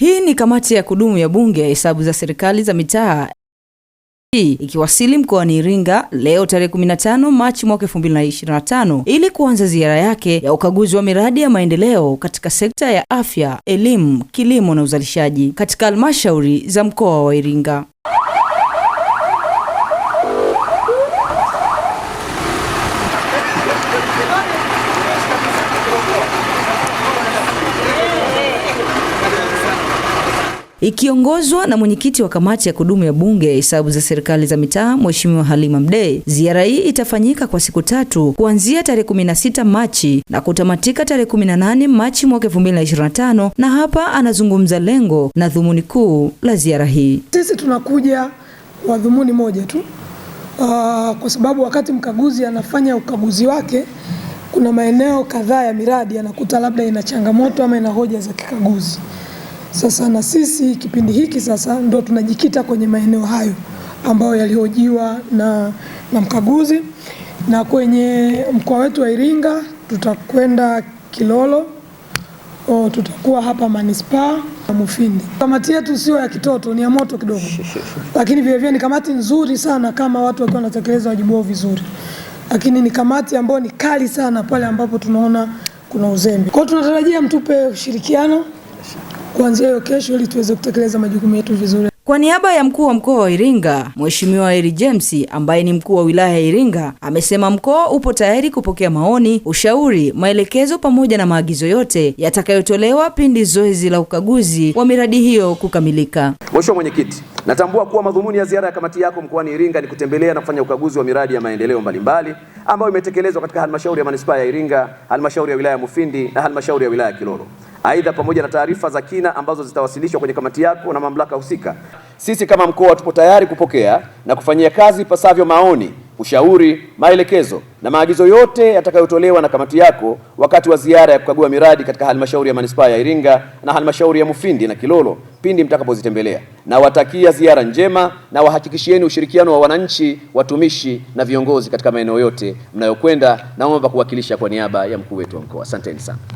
Hii ni kamati ya kudumu ya bunge ya hesabu za serikali za mitaa hii ikiwasili mkoani Iringa leo tarehe 15 Machi mwaka 2025 ili kuanza ziara yake ya ukaguzi wa miradi ya maendeleo katika sekta ya afya, elimu, kilimo na uzalishaji katika halmashauri za mkoa wa Iringa. Ikiongozwa na mwenyekiti wa kamati ya kudumu ya bunge ya hesabu za serikali za mitaa Mheshimiwa Halima Mdee, ziara hii itafanyika kwa siku tatu kuanzia tarehe 16 Machi na kutamatika tarehe 18 Machi mwaka 2025, na hapa anazungumza lengo na dhumuni kuu la ziara hii. Sisi tunakuja kwa dhumuni moja tu uh, kwa sababu wakati mkaguzi anafanya ukaguzi wake kuna maeneo kadhaa ya miradi anakuta labda ina changamoto ama ina hoja za kikaguzi. Sasa na sisi kipindi hiki sasa ndo tunajikita kwenye maeneo hayo ambayo yalihojiwa na, na mkaguzi na kwenye mkoa wetu wa Iringa tutakwenda Kilolo o, tutakuwa hapa manispaa na Mufindi. Kamati yetu sio ya kitoto, ni ya moto kidogo, lakini vilevile ni kamati nzuri sana kama watu wakiwa wanatekeleza wajibu wao vizuri, lakini ni kamati ambayo ni kali sana pale ambapo tunaona kuna uzembe. Kwa hiyo tunatarajia mtupe ushirikiano kuanzia hiyo kesho, ili tuweze kutekeleza majukumu yetu vizuri. Kwa niaba ya mkuu wa mkoa wa Iringa, Mheshimiwa Eri James ambaye ni mkuu wa wilaya ya Iringa amesema mkoa upo tayari kupokea maoni, ushauri, maelekezo pamoja na maagizo yote yatakayotolewa pindi zoezi la ukaguzi wa miradi hiyo kukamilika. Mheshimiwa Mwenyekiti, natambua kuwa madhumuni ya ziara ya kamati yako mkoani Iringa ni kutembelea na kufanya ukaguzi wa miradi ya maendeleo mbalimbali ambayo imetekelezwa katika halmashauri ya manispaa ya Iringa, halmashauri ya wilaya ya Mufindi na halmashauri ya wilaya ya Kilolo. Aidha, pamoja na taarifa za kina ambazo zitawasilishwa kwenye kamati yako na mamlaka husika, sisi kama mkoa tupo tayari kupokea na kufanyia kazi ipasavyo maoni, ushauri, maelekezo na maagizo yote yatakayotolewa na kamati yako wakati wa ziara ya kukagua miradi katika halmashauri ya manispaa ya Iringa na halmashauri ya Mufindi na Kilolo pindi mtakapozitembelea. Nawatakia ziara njema na wahakikishieni ushirikiano wa wananchi, watumishi na viongozi katika maeneo yote mnayokwenda. Naomba kuwakilisha kwa niaba ya mkuu wetu wa mkoa. Asanteni sana.